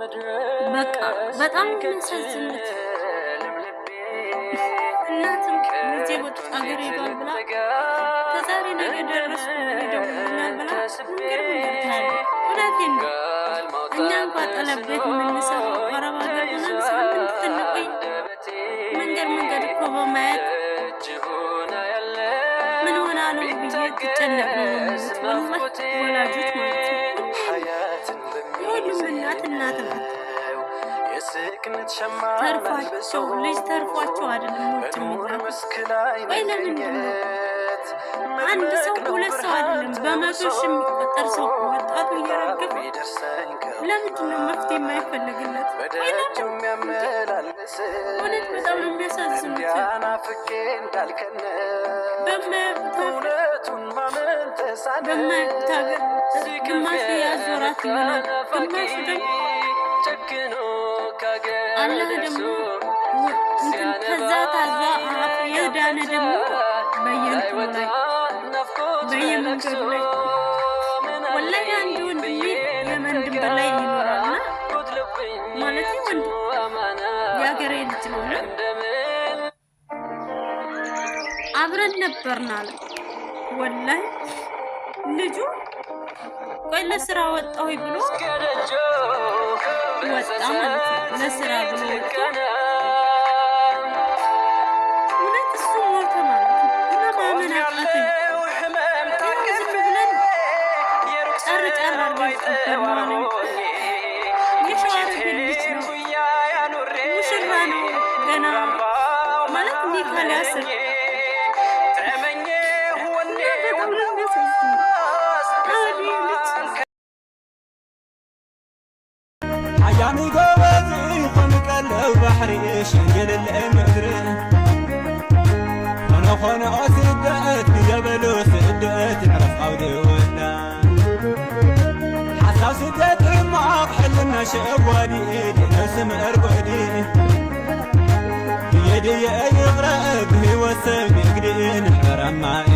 በቃ በጣም የሚያሳዝኑት እናትም ልጄ ወደ አገር ሄዷል ብላ ከዛሬ ነገ ደረሱ ሄደው ብላ ምክር ምንገርታለ እውነቴን ነው። እኛ እንኳ ጠለብ የምንሰራው ያላት እናት ናት። ተርፏቸው ልጅ ተርፏቸው አይደለም ሞት ወይ? ለምንድን አንድ ሰው ሁለት ሰው አይደለም በመቶ ሺህ የሚቆጠር ሰው ወጣቱ እየረገፈ ለምንድን ነው መፍትሄ የማይፈለግለት? ወይ በጣም ነው የሚያሳዝኑት። በማያውቁት ሀገር ግማሹ ያዞራት ይሆናል፣ ግማሹ ደግሞ አላህ ደግሞ ከዛ ታዛ የዳነ ደግሞ በየንቱ ላይ በየመንገዱ ላይ ወላሂ አንድ ወንድ የመን ድንበር ላይ ይኖራልና ማለት ወንድ የሀገሬ ልጅ ነሆነ አብረን ነበርናል ወላሂ ልጁ ቆይ ለስራ ወጣሁ ብሎ ወጣ ማለት ነው። ለስራ ብሎ እውነት እሱ ሞተ ማለት ነው እና ማመን ዝም ብለን ጨር ጨር ልጅ ነው፣ ሙሽራ ነው ገና ማለት شنجل الأمر أنا خانا أسدأت جبل وسدأت عرف عودي ولا حساس سدأت ما حلنا شوالي إيدي نسم أربدي يدي أي غراب هو سبي قدين حرام معي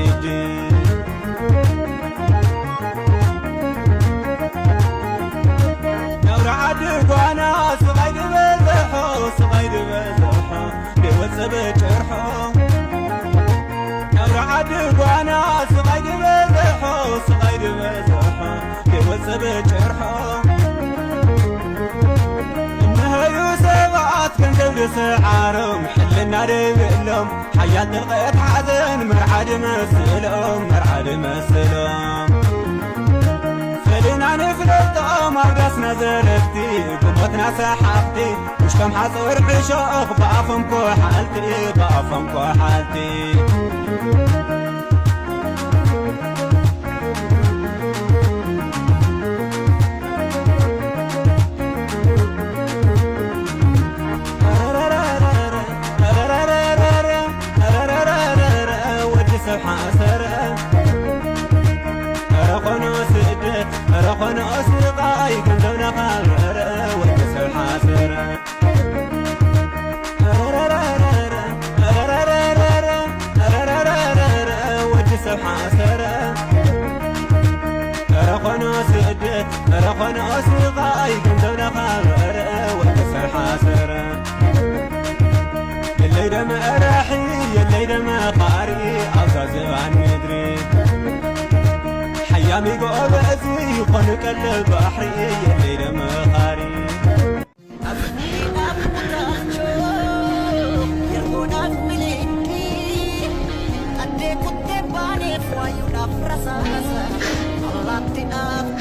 ዝስዓሮም ሕልና ደብሎም ሓያል ንርቐት ሓዘን መርዓድ መስሎም መርዓድ መስሎም ፈልና ንፍለጦም ኣርዳስና ዘረፍቲ ቁመትና ሰሓቕቲ ውሽቶም ሓፀር ዕሾኽ ብኣፎም ኮሓልቲ ብኣፎም ኮሓልቲ حسرة رخنا سدة رخنا سقاي كنتنا خبرة وكسر حسرة اللي دم أرحي اللي دم قاري أبزاز عن مدري حيامي قوبزي خلق البحري اللي دم قاري أبني أبني Allah'ın